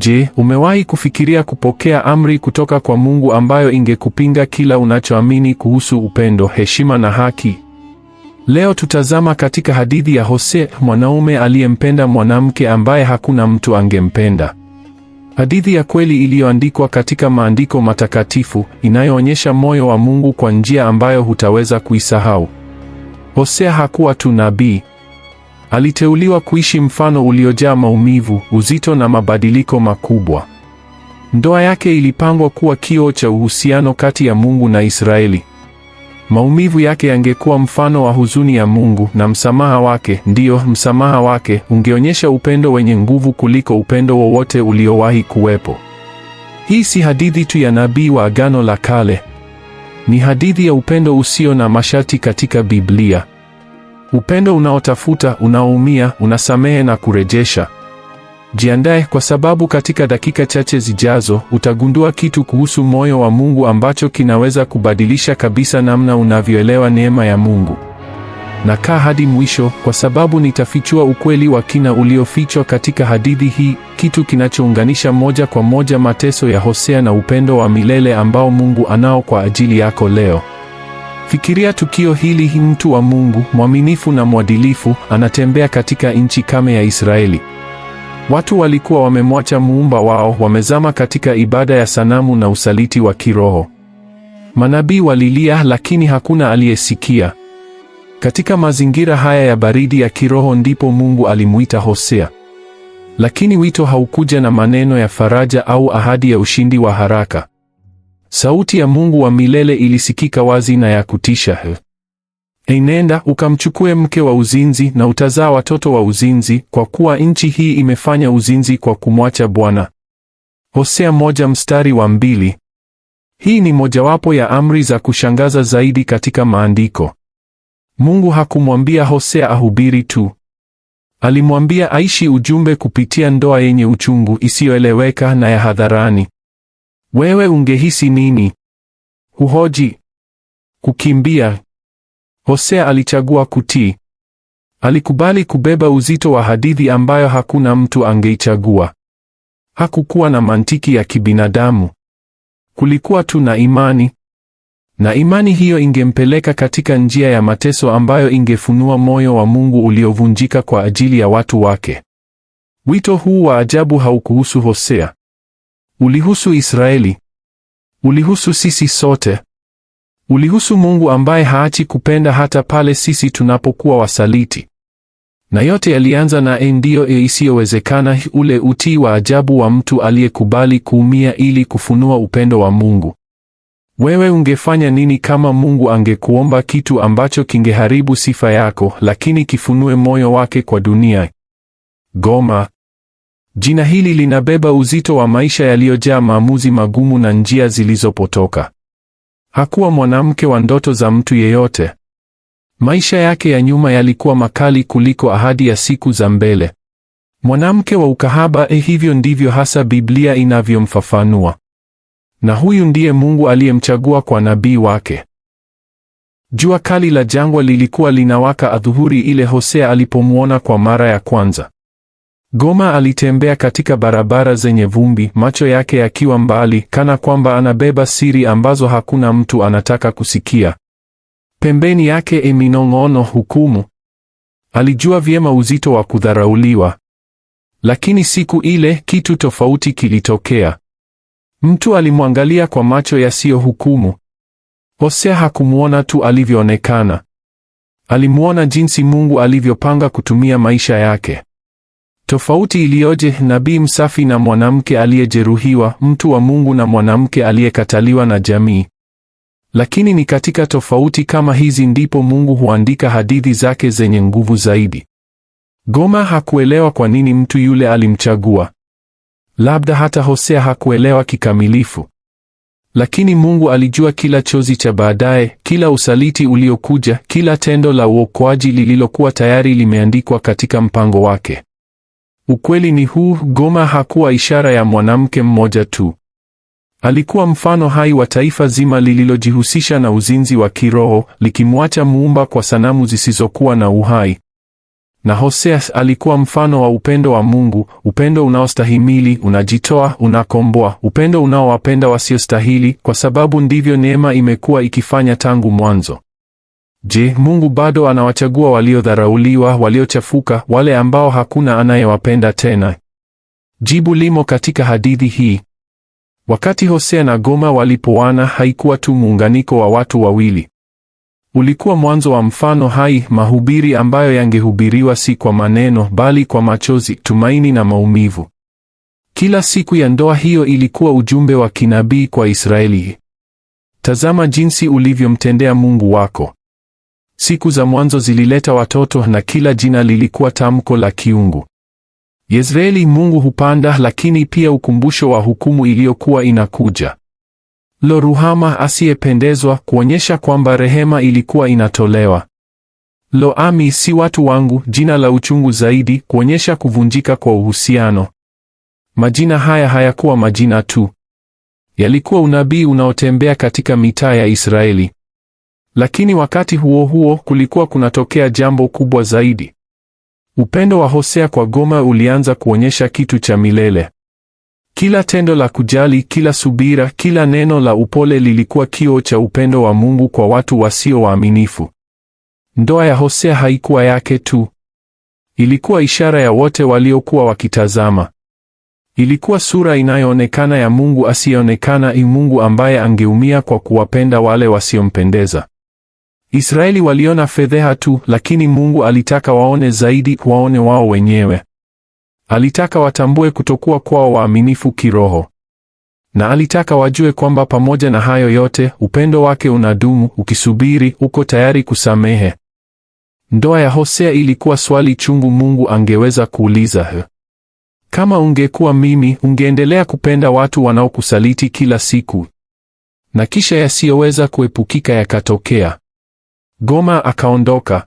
Je, umewahi kufikiria kupokea amri kutoka kwa Mungu ambayo ingekupinga kila unachoamini kuhusu upendo, heshima na haki? Leo tutazama katika hadithi ya Hosea, mwanaume aliyempenda mwanamke ambaye hakuna mtu angempenda. Hadithi ya kweli iliyoandikwa katika maandiko matakatifu, inayoonyesha moyo wa Mungu kwa njia ambayo hutaweza kuisahau. Hosea hakuwa tu nabii, Aliteuliwa kuishi mfano uliojaa maumivu, uzito na mabadiliko makubwa. Ndoa yake ilipangwa kuwa kioo cha uhusiano kati ya Mungu na Israeli. Maumivu yake yangekuwa mfano wa huzuni ya Mungu na msamaha wake, ndiyo, msamaha wake ungeonyesha upendo wenye nguvu kuliko upendo wowote uliowahi kuwepo. Hii si hadithi tu ya nabii wa Agano la Kale. Ni hadithi ya upendo usio na masharti katika Biblia upendo unaotafuta, unaoumia, unasamehe na kurejesha. Jiandae kwa sababu katika dakika chache zijazo utagundua kitu kuhusu moyo wa Mungu ambacho kinaweza kubadilisha kabisa namna unavyoelewa neema ya Mungu. Na kaa hadi mwisho kwa sababu nitafichua ukweli wa kina uliofichwa katika hadithi hii, kitu kinachounganisha moja kwa moja mateso ya Hosea na upendo wa milele ambao Mungu anao kwa ajili yako leo. Fikiria tukio hili: mtu wa Mungu mwaminifu na mwadilifu anatembea katika nchi kame ya Israeli. Watu walikuwa wamemwacha muumba wao, wamezama katika ibada ya sanamu na usaliti wa kiroho. Manabii walilia, lakini hakuna aliyesikia. Katika mazingira haya ya baridi ya kiroho ndipo Mungu alimuita Hosea. Lakini wito haukuja na maneno ya faraja au ahadi ya ushindi wa haraka. Sauti ya Mungu wa milele ilisikika wazi na ya kutisha. Enenda ukamchukue mke wa uzinzi na utazaa watoto wa uzinzi, kwa kuwa nchi hii imefanya uzinzi kwa kumwacha Bwana. Hosea moja mstari wa mbili. Hii ni mojawapo ya amri za kushangaza zaidi katika maandiko. Mungu hakumwambia Hosea ahubiri tu. Alimwambia aishi ujumbe kupitia ndoa yenye uchungu isiyoeleweka na ya hadharani. Wewe ungehisi nini? Huhoji, kukimbia. Hosea alichagua kutii. Alikubali kubeba uzito wa hadithi ambayo hakuna mtu angeichagua. Hakukuwa na mantiki ya kibinadamu. Kulikuwa tu na imani. Na imani hiyo ingempeleka katika njia ya mateso ambayo ingefunua moyo wa Mungu uliovunjika kwa ajili ya watu wake. Wito huu wa ajabu haukuhusu Hosea ulihusu Israeli, ulihusu sisi sote, ulihusu Mungu ambaye haachi kupenda hata pale sisi tunapokuwa wasaliti. Na yote yalianza na e, e isiyowezekana, ule utii wa ajabu wa mtu aliyekubali kuumia ili kufunua upendo wa Mungu. Wewe ungefanya nini kama Mungu angekuomba kitu ambacho kingeharibu sifa yako, lakini kifunue moyo wake kwa dunia? Goma. Jina hili linabeba uzito wa maisha yaliyojaa maamuzi magumu na njia zilizopotoka. Hakuwa mwanamke wa ndoto za mtu yeyote. Maisha yake ya nyuma yalikuwa makali kuliko ahadi ya siku za mbele. Mwanamke wa ukahaba, eh, hivyo ndivyo hasa Biblia inavyomfafanua. Na huyu ndiye Mungu aliyemchagua kwa nabii wake. Jua kali la jangwa lilikuwa linawaka adhuhuri ile Hosea alipomwona kwa mara ya kwanza. Goma alitembea katika barabara zenye vumbi, macho yake yakiwa mbali, kana kwamba anabeba siri ambazo hakuna mtu anataka kusikia. Pembeni yake iminong'ono hukumu. Alijua vyema uzito wa kudharauliwa. Lakini siku ile kitu tofauti kilitokea. Mtu alimwangalia kwa macho yasiyohukumu. Hosea hakumwona tu alivyoonekana, alimwona jinsi Mungu alivyopanga kutumia maisha yake. Tofauti iliyoje nabii msafi na mwanamke aliyejeruhiwa, mtu wa Mungu na mwanamke aliyekataliwa na jamii. Lakini ni katika tofauti kama hizi ndipo Mungu huandika hadithi zake zenye nguvu zaidi. Goma hakuelewa kwa nini mtu yule alimchagua. Labda hata Hosea hakuelewa kikamilifu. Lakini Mungu alijua kila chozi cha baadaye, kila usaliti uliokuja, kila tendo la uokoaji lililokuwa tayari limeandikwa katika mpango wake. Ukweli ni huu, Goma hakuwa ishara ya mwanamke mmoja tu. Alikuwa mfano hai wa taifa zima lililojihusisha na uzinzi wa kiroho, likimwacha muumba kwa sanamu zisizokuwa na uhai. Na Hosea alikuwa mfano wa upendo wa Mungu, upendo unaostahimili, unajitoa, unakomboa, upendo unaowapenda wasiostahili, kwa sababu ndivyo neema imekuwa ikifanya tangu mwanzo. Je, Mungu bado anawachagua waliodharauliwa, waliochafuka, wale ambao hakuna anayewapenda tena? Jibu limo katika hadithi hii. Wakati Hosea na Goma walipoana, haikuwa tu muunganiko wa watu wawili. Ulikuwa mwanzo wa mfano hai, mahubiri ambayo yangehubiriwa si kwa maneno, bali kwa machozi, tumaini na maumivu. Kila siku ya ndoa hiyo ilikuwa ujumbe wa kinabii kwa Israeli. Tazama jinsi ulivyomtendea Mungu wako. Siku za mwanzo zilileta watoto na kila jina lilikuwa tamko la kiungu. Yezreeli, Mungu hupanda, lakini pia ukumbusho wa hukumu iliyokuwa inakuja. Lo, Ruhama asiyependezwa, kuonyesha kwamba rehema ilikuwa inatolewa. Lo, Ami, si watu wangu, jina la uchungu zaidi, kuonyesha kuvunjika kwa uhusiano. Majina haya hayakuwa majina tu, yalikuwa unabii unaotembea katika mitaa ya Israeli. Lakini wakati huo huo kulikuwa kunatokea jambo kubwa zaidi. Upendo wa Hosea kwa Gomer ulianza kuonyesha kitu cha milele. Kila tendo la kujali, kila subira, kila neno la upole lilikuwa kio cha upendo wa Mungu kwa watu wasio waaminifu. Ndoa ya Hosea haikuwa yake tu. Ilikuwa ishara ya wote waliokuwa wakitazama. Ilikuwa sura inayoonekana ya Mungu asiyeonekana, i Mungu ambaye angeumia kwa kuwapenda wale wasiompendeza. Israeli waliona fedheha tu, lakini Mungu alitaka waone zaidi, waone wao wenyewe. Alitaka watambue kutokuwa kwao waaminifu kiroho, na alitaka wajue kwamba pamoja na hayo yote upendo wake unadumu, ukisubiri, uko tayari kusamehe. Ndoa ya Hosea ilikuwa swali chungu Mungu angeweza kuuliza. Kama ungekuwa mimi, ungeendelea kupenda watu wanaokusaliti kila siku, na kisha yasiyoweza kuepukika yakatokea. Goma akaondoka.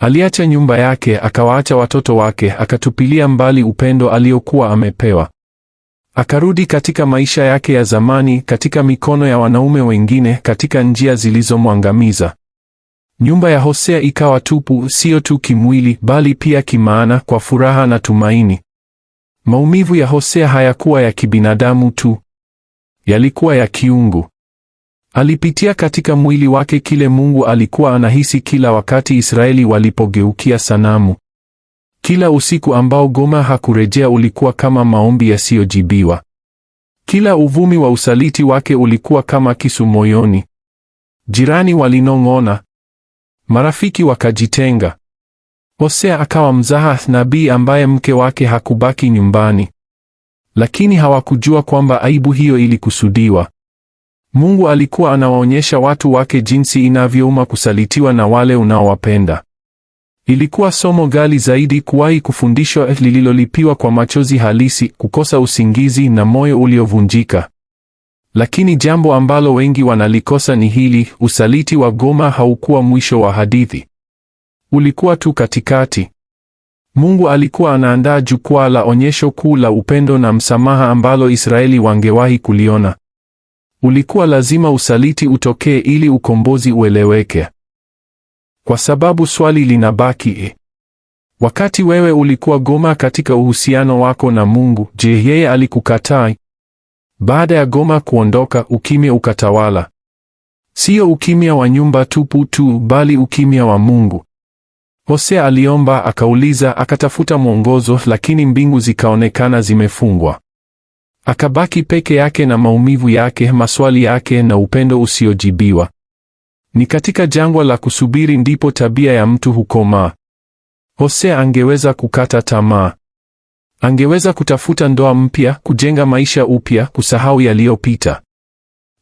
Aliacha nyumba yake, akawaacha watoto wake, akatupilia mbali upendo aliokuwa amepewa. Akarudi katika maisha yake ya zamani, katika mikono ya wanaume wengine, katika njia zilizomwangamiza. Nyumba ya Hosea ikawa tupu, sio tu kimwili, bali pia kimaana, kwa furaha na tumaini. Maumivu ya Hosea hayakuwa ya kibinadamu tu, yalikuwa ya kiungu. Alipitia katika mwili wake kile Mungu alikuwa anahisi kila wakati Israeli walipogeukia sanamu. Kila usiku ambao Goma hakurejea ulikuwa kama maombi yasiyojibiwa. Kila uvumi wa usaliti wake ulikuwa kama kisu moyoni. Jirani walinong'ona, marafiki wakajitenga. Hosea akawa mzaha nabii ambaye mke wake hakubaki nyumbani, lakini hawakujua kwamba aibu hiyo ilikusudiwa. Mungu alikuwa anawaonyesha watu wake jinsi inavyouma kusalitiwa na wale unaowapenda. Ilikuwa somo gali zaidi kuwahi kufundishwa, eh, lililolipiwa kwa machozi halisi, kukosa usingizi na moyo uliovunjika. Lakini jambo ambalo wengi wanalikosa ni hili: usaliti wa Goma haukuwa mwisho wa hadithi, ulikuwa tu katikati. Mungu alikuwa anaandaa jukwaa la onyesho kuu la upendo na msamaha ambalo Israeli wangewahi kuliona. Ulikuwa lazima usaliti utokee ili ukombozi ueleweke. Kwa sababu swali linabaki, eh, wakati wewe ulikuwa goma katika uhusiano wako na Mungu, je, yeye alikukataa? Baada ya goma kuondoka, ukimya ukatawala. Sio ukimya wa nyumba tupu tu, bali ukimya wa Mungu. Hosea aliomba, akauliza, akatafuta mwongozo, lakini mbingu zikaonekana zimefungwa. Akabaki peke yake na maumivu yake, maswali yake na upendo usiojibiwa. Ni katika jangwa la kusubiri ndipo tabia ya mtu hukomaa. Hosea angeweza kukata tamaa. Angeweza kutafuta ndoa mpya, kujenga maisha upya, kusahau yaliyopita.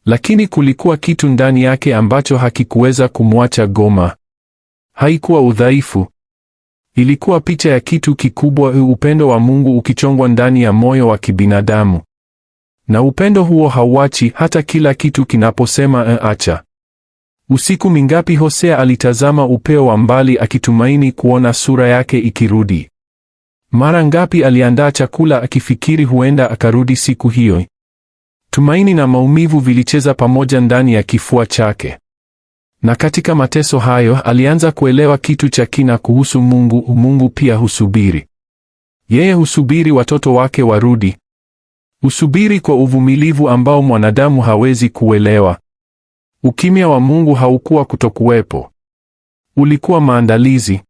Lakini kulikuwa kitu ndani yake ambacho hakikuweza kumwacha Goma. Haikuwa udhaifu. Ilikuwa picha ya kitu kikubwa, upendo wa Mungu ukichongwa ndani ya moyo wa kibinadamu na upendo huo hauachi hata kila kitu kinaposema e, acha. Usiku mingapi Hosea alitazama upeo wa mbali akitumaini kuona sura yake ikirudi. Mara ngapi aliandaa chakula akifikiri huenda akarudi siku hiyo. Tumaini na maumivu vilicheza pamoja ndani ya kifua chake. Na katika mateso hayo alianza kuelewa kitu cha kina kuhusu Mungu. Mungu pia husubiri. Yeye husubiri watoto wake warudi, Usubiri kwa uvumilivu ambao mwanadamu hawezi kuelewa. Ukimya wa Mungu haukuwa kutokuwepo. Ulikuwa maandalizi.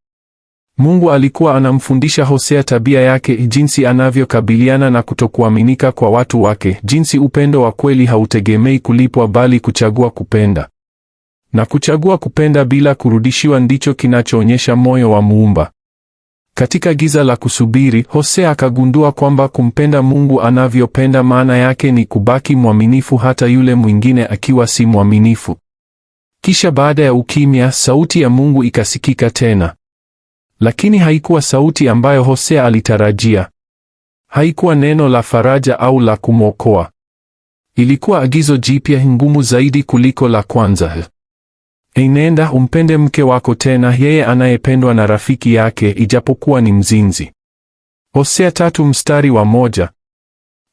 Mungu alikuwa anamfundisha Hosea tabia yake, jinsi anavyokabiliana na kutokuaminika kwa watu wake, jinsi upendo wa kweli hautegemei kulipwa bali kuchagua kupenda. Na kuchagua kupenda bila kurudishiwa ndicho kinachoonyesha moyo wa Muumba. Katika giza la kusubiri, Hosea akagundua kwamba kumpenda Mungu anavyopenda maana yake ni kubaki mwaminifu hata yule mwingine akiwa si mwaminifu. Kisha baada ya ukimya, sauti ya Mungu ikasikika tena. Lakini haikuwa sauti ambayo Hosea alitarajia. Haikuwa neno la faraja au la kumwokoa. Ilikuwa agizo jipya, ngumu zaidi kuliko la kwanza. Enenda umpende mke wako tena, yeye anayependwa na rafiki yake, ijapokuwa ni mzinzi. Hosea tatu mstari wa moja.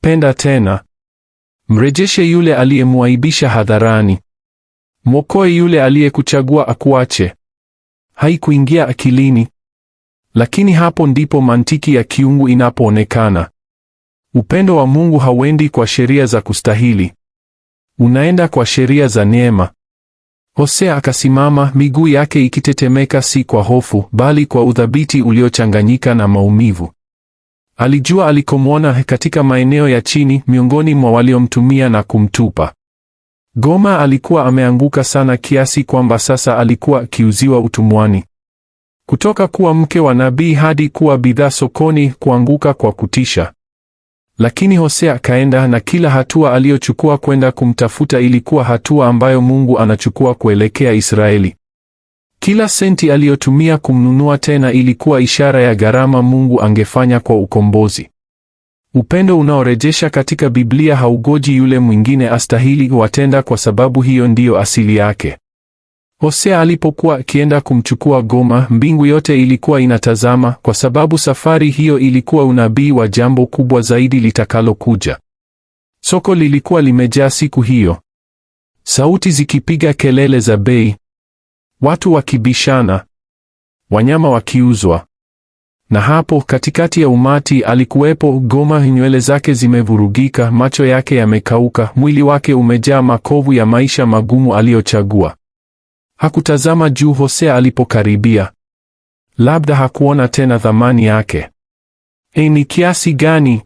Penda tena, mrejeshe yule aliyemwaibisha hadharani, mwokoe yule aliyekuchagua akuache. Haikuingia akilini, lakini hapo ndipo mantiki ya kiungu inapoonekana. Upendo wa Mungu hauendi kwa sheria za kustahili, unaenda kwa sheria za neema. Hosea akasimama, miguu yake ikitetemeka, si kwa hofu, bali kwa uthabiti uliochanganyika na maumivu. Alijua alikomwona katika maeneo ya chini, miongoni mwa waliomtumia na kumtupa. Goma alikuwa ameanguka sana kiasi kwamba sasa alikuwa akiuziwa utumwani. Kutoka kuwa mke wa nabii hadi kuwa bidhaa sokoni, kuanguka kwa kutisha. Lakini Hosea akaenda na kila hatua aliyochukua kwenda kumtafuta ilikuwa hatua ambayo Mungu anachukua kuelekea Israeli. Kila senti aliyotumia kumnunua tena ilikuwa ishara ya gharama Mungu angefanya kwa ukombozi. Upendo unaorejesha katika Biblia haugoji yule mwingine astahili watenda, kwa sababu hiyo ndiyo asili yake. Hosea alipokuwa akienda kumchukua Goma, mbingu yote ilikuwa inatazama, kwa sababu safari hiyo ilikuwa unabii wa jambo kubwa zaidi litakalokuja. Soko lilikuwa limejaa siku hiyo, sauti zikipiga kelele za bei, watu wakibishana, wanyama wakiuzwa. Na hapo katikati ya umati alikuwepo Goma, nywele zake zimevurugika, macho yake yamekauka, mwili wake umejaa makovu ya maisha magumu aliyochagua. Hakutazama juu Hosea alipokaribia. Labda hakuona tena thamani yake. E, ni kiasi gani?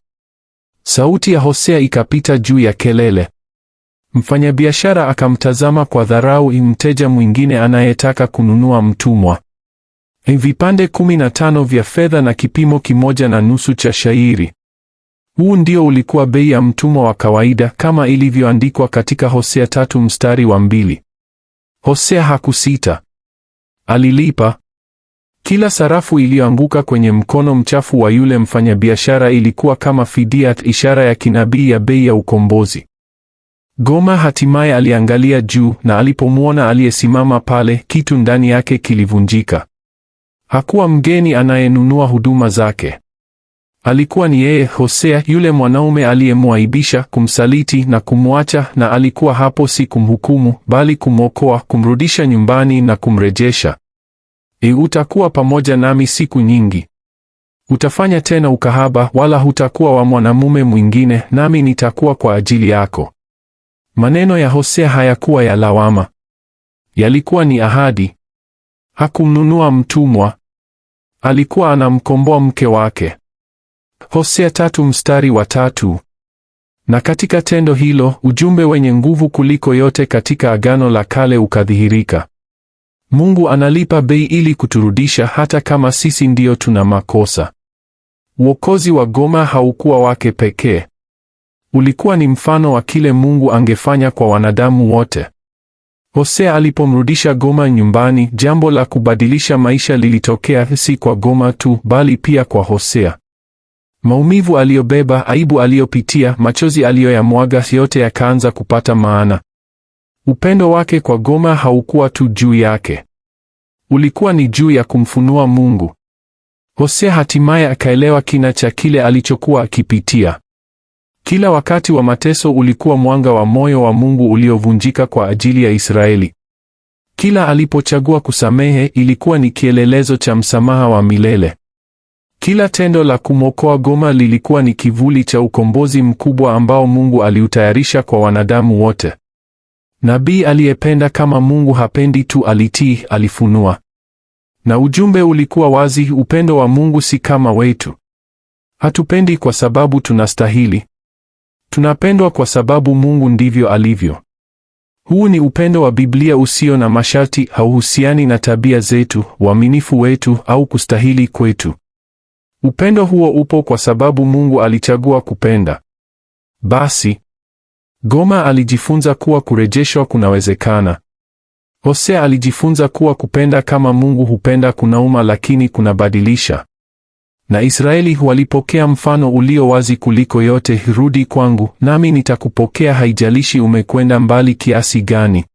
Sauti ya Hosea ikapita juu ya kelele. Mfanyabiashara akamtazama kwa dharau mteja mwingine anayetaka kununua mtumwa. E, vipande kumi na tano vya fedha na kipimo kimoja na nusu cha shairi. Huu ndio ulikuwa bei ya mtumwa wa kawaida kama ilivyoandikwa katika Hosea tatu mstari wa mbili. Hosea hakusita. Alilipa kila sarafu iliyoanguka kwenye mkono mchafu wa yule mfanyabiashara ilikuwa kama fidia, ishara ya kinabii ya bei ya ukombozi. Goma hatimaye aliangalia juu na alipomwona aliyesimama pale, kitu ndani yake kilivunjika. Hakuwa mgeni anayenunua huduma zake. Alikuwa ni yeye Hosea, yule mwanaume aliyemwaibisha, kumsaliti na kumwacha, na alikuwa hapo si kumhukumu, bali kumwokoa, kumrudisha nyumbani na kumrejesha. E, utakuwa pamoja nami siku nyingi. Utafanya tena ukahaba, wala hutakuwa wa mwanamume mwingine, nami nitakuwa kwa ajili yako. Maneno ya Hosea hayakuwa ya lawama, yalikuwa ni ahadi. Hakumnunua mtumwa, alikuwa anamkomboa mke wake. Hosea tatu mstari wa tatu. Na katika tendo hilo ujumbe wenye nguvu kuliko yote katika Agano la Kale ukadhihirika. Mungu analipa bei ili kuturudisha hata kama sisi ndiyo tuna makosa. Uokozi wa Goma haukuwa wake pekee. Ulikuwa ni mfano wa kile Mungu angefanya kwa wanadamu wote. Hosea alipomrudisha Goma nyumbani, jambo la kubadilisha maisha lilitokea si kwa Goma tu bali pia kwa Hosea. Maumivu aliyobeba, aibu aliyopitia, machozi aliyoyamwaga, yote yakaanza kupata maana. Upendo wake kwa Goma haukuwa tu juu yake, ulikuwa ni juu ya kumfunua Mungu. Hosea hatimaye akaelewa kina cha kile alichokuwa akipitia. Kila wakati wa mateso ulikuwa mwanga wa moyo wa Mungu uliovunjika kwa ajili ya Israeli. Kila alipochagua kusamehe, ilikuwa ni kielelezo cha msamaha wa milele. Kila tendo la kumwokoa Goma lilikuwa ni kivuli cha ukombozi mkubwa ambao Mungu aliutayarisha kwa wanadamu wote. Nabii aliyependa kama Mungu hapendi tu alitii, alifunua. Na ujumbe ulikuwa wazi, upendo wa Mungu si kama wetu. Hatupendi kwa sababu tunastahili. Tunapendwa kwa sababu Mungu ndivyo alivyo. Huu ni upendo wa Biblia usio na masharti, hauhusiani na tabia zetu, uaminifu wetu au kustahili kwetu. Upendo huo upo kwa sababu Mungu alichagua kupenda. Basi Goma alijifunza kuwa kurejeshwa kunawezekana. Hosea alijifunza kuwa kupenda kama Mungu hupenda kunauma, lakini kunabadilisha. Na Israeli walipokea mfano ulio wazi kuliko yote: rudi kwangu, nami nitakupokea, haijalishi umekwenda mbali kiasi gani.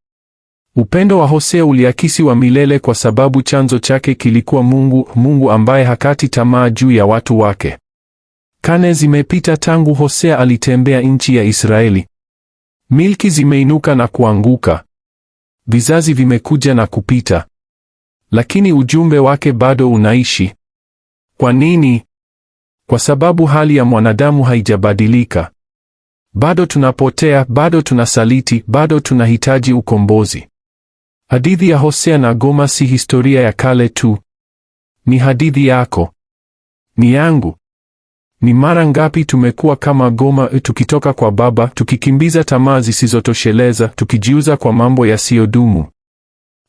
Upendo wa Hosea uliakisi wa milele kwa sababu chanzo chake kilikuwa Mungu, Mungu ambaye hakati tamaa juu ya watu wake. kane zimepita tangu Hosea alitembea nchi ya Israeli. Milki zimeinuka na kuanguka. Vizazi vimekuja na kupita. Lakini ujumbe wake bado unaishi. Kwa nini? Kwa sababu hali ya mwanadamu haijabadilika. Bado tunapotea, bado tunasaliti, bado tunahitaji ukombozi. Hadithi ya Hosea na Goma si historia ya kale tu. Ni hadithi yako, ni yangu. Ni mara ngapi tumekuwa kama Goma, e, tukitoka kwa baba, tukikimbiza tamaa zisizotosheleza, tukijiuza kwa mambo yasiyodumu.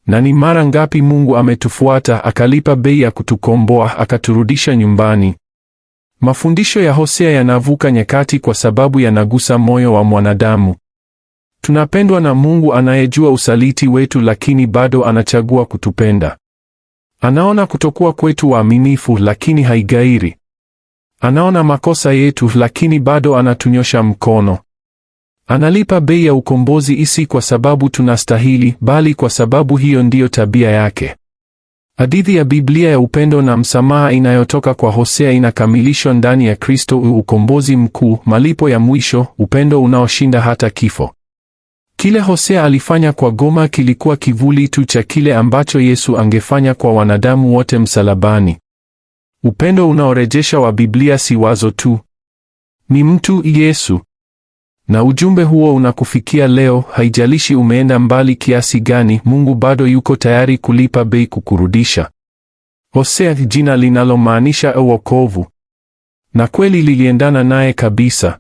Na ni mara ngapi Mungu ametufuata, akalipa bei ya kutukomboa, akaturudisha nyumbani. Mafundisho ya Hosea yanavuka nyakati kwa sababu yanagusa moyo wa mwanadamu. Tunapendwa na Mungu anayejua usaliti wetu, lakini bado anachagua kutupenda. Anaona kutokuwa kwetu waaminifu, lakini haigairi. Anaona makosa yetu, lakini bado anatunyosha mkono. Analipa bei ya ukombozi isi kwa sababu tunastahili, bali kwa sababu hiyo ndiyo tabia yake. Hadithi ya Biblia ya upendo na msamaha inayotoka kwa Hosea inakamilishwa ndani ya Kristo, ukombozi mkuu, malipo ya mwisho, upendo unaoshinda hata kifo. Kile Hosea alifanya kwa Goma kilikuwa kivuli tu cha kile ambacho Yesu angefanya kwa wanadamu wote msalabani. Upendo unaorejesha wa Biblia si wazo tu, ni mtu Yesu. Na ujumbe huo unakufikia leo. Haijalishi umeenda mbali kiasi gani, Mungu bado yuko tayari kulipa bei kukurudisha. Hosea, jina linalomaanisha uokovu, na kweli liliendana naye kabisa.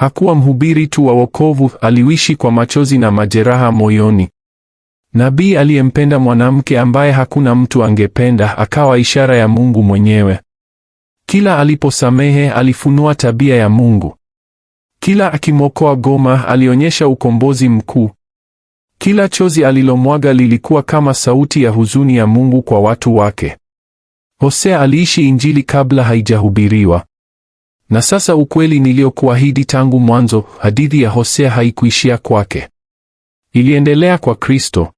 Hakuwa mhubiri tu wa wokovu, aliishi kwa machozi na majeraha moyoni. Nabii aliyempenda mwanamke ambaye hakuna mtu angependa, akawa ishara ya Mungu mwenyewe. Kila aliposamehe, alifunua tabia ya Mungu. Kila akimwokoa Goma, alionyesha ukombozi mkuu. Kila chozi alilomwaga lilikuwa kama sauti ya huzuni ya Mungu kwa watu wake. Hosea aliishi Injili kabla haijahubiriwa. Na sasa ukweli niliokuahidi tangu mwanzo, hadithi ya Hosea haikuishia kwake. Iliendelea kwa Kristo.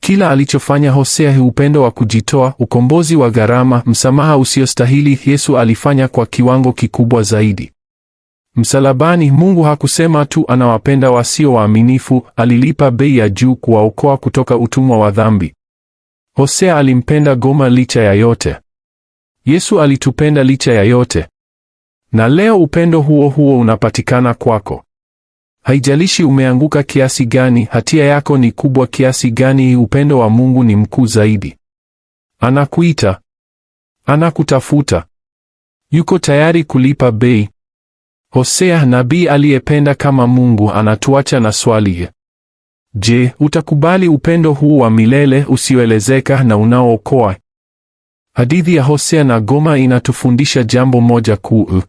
Kila alichofanya Hosea, upendo wa kujitoa, ukombozi wa gharama, msamaha usiostahili, Yesu alifanya kwa kiwango kikubwa zaidi. Msalabani, Mungu hakusema tu anawapenda wasio waaminifu, alilipa bei ya juu kuwaokoa kutoka utumwa wa dhambi. Hosea alimpenda Goma licha ya yote. Yesu alitupenda licha ya yote. Na leo upendo huo huo unapatikana kwako. Haijalishi umeanguka kiasi gani, hatia yako ni kubwa kiasi gani, upendo wa Mungu ni mkuu zaidi. Anakuita, anakutafuta, yuko tayari kulipa bei. Hosea nabii aliyependa kama Mungu anatuacha na swali: Je, utakubali upendo huu wa milele usioelezeka na unaookoa? Hadithi ya Hosea na Goma inatufundisha jambo moja kuu.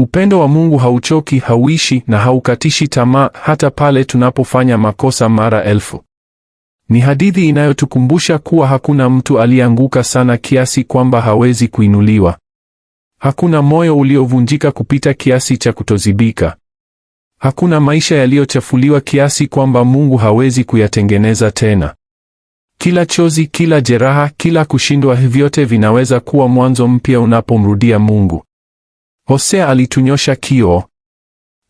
Upendo wa Mungu hauchoki, hauishi na haukatishi tamaa hata pale tunapofanya makosa mara elfu. Ni hadithi inayotukumbusha kuwa hakuna mtu aliyeanguka sana kiasi kwamba hawezi kuinuliwa. Hakuna moyo uliovunjika kupita kiasi cha kutozibika. Hakuna maisha yaliyochafuliwa kiasi kwamba Mungu hawezi kuyatengeneza tena. Kila chozi, kila jeraha, kila kushindwa, vyote vinaweza kuwa mwanzo mpya unapomrudia Mungu. Hosea alitunyosha kio.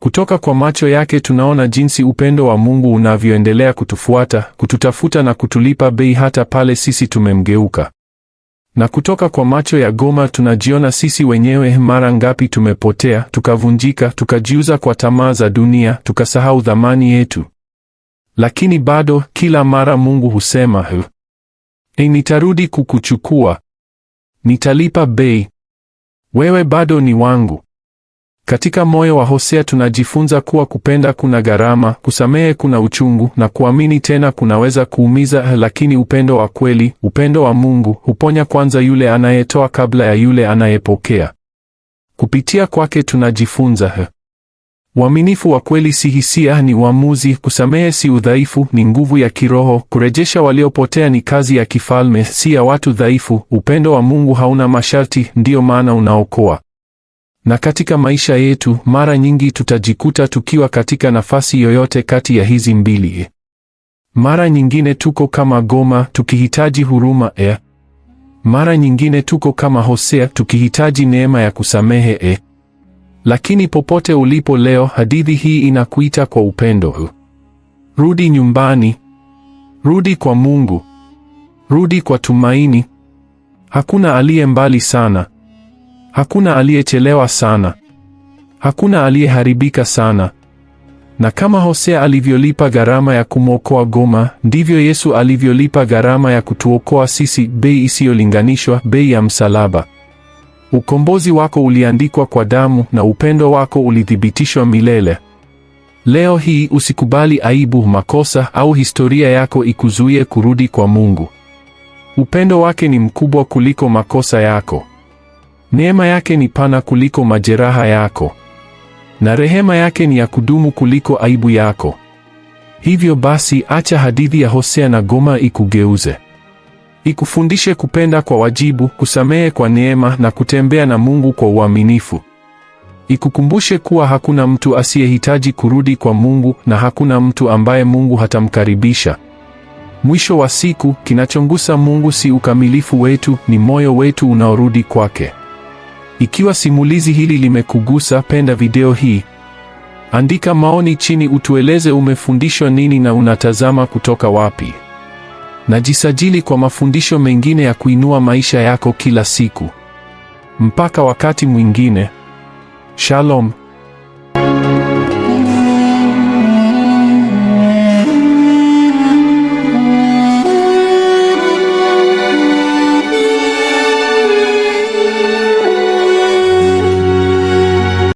Kutoka kwa macho yake tunaona jinsi upendo wa Mungu unavyoendelea kutufuata, kututafuta na kutulipa bei hata pale sisi tumemgeuka. Na kutoka kwa macho ya Goma tunajiona sisi wenyewe mara ngapi tumepotea, tukavunjika, tukajiuza kwa tamaa za dunia, tukasahau dhamani yetu. Lakini bado kila mara Mungu husema, "Nitarudi kukuchukua. Nitalipa bei." Wewe bado ni wangu. Katika moyo wa Hosea tunajifunza kuwa kupenda kuna gharama, kusamehe kuna uchungu, na kuamini tena kunaweza kuumiza, lakini upendo wa kweli, upendo wa Mungu, huponya kwanza yule anayetoa kabla ya yule anayepokea. Kupitia kwake tunajifunza Uaminifu wa kweli si hisia, ni uamuzi. Kusamehe si udhaifu, ni nguvu ya kiroho. Kurejesha waliopotea ni kazi ya kifalme, si ya watu dhaifu. Upendo wa Mungu hauna masharti, ndiyo maana unaokoa. Na katika maisha yetu mara nyingi tutajikuta tukiwa katika nafasi yoyote kati ya hizi mbili. Mara nyingine tuko kama Goma tukihitaji huruma e. Mara nyingine tuko kama Hosea tukihitaji neema ya kusamehe e. Lakini popote ulipo leo, hadithi hii inakuita kwa upendo huu. Rudi nyumbani, rudi kwa Mungu, rudi kwa tumaini. Hakuna aliye mbali sana, hakuna aliyechelewa sana, hakuna aliyeharibika sana. Na kama Hosea alivyolipa gharama ya kumwokoa Goma, ndivyo Yesu alivyolipa gharama ya kutuokoa sisi, bei isiyolinganishwa, bei ya msalaba. Ukombozi wako uliandikwa kwa damu na upendo wako ulithibitishwa milele. Leo hii usikubali aibu, makosa au historia yako ikuzuie kurudi kwa Mungu. Upendo wake ni mkubwa kuliko makosa yako. Neema yake ni pana kuliko majeraha yako. Na rehema yake ni ya kudumu kuliko aibu yako. Hivyo basi acha hadithi ya Hosea na Goma ikugeuze ikufundishe kupenda kwa wajibu, kusamehe kwa neema na kutembea na Mungu kwa uaminifu. Ikukumbushe kuwa hakuna mtu asiyehitaji kurudi kwa Mungu na hakuna mtu ambaye Mungu hatamkaribisha. Mwisho wa siku, kinachongusa Mungu si ukamilifu wetu, ni moyo wetu unaorudi kwake. Ikiwa simulizi hili limekugusa, penda video hii. Andika maoni chini utueleze umefundishwa nini na unatazama kutoka wapi. Najisajili kwa mafundisho mengine ya kuinua maisha yako kila siku. Mpaka wakati mwingine. Shalom.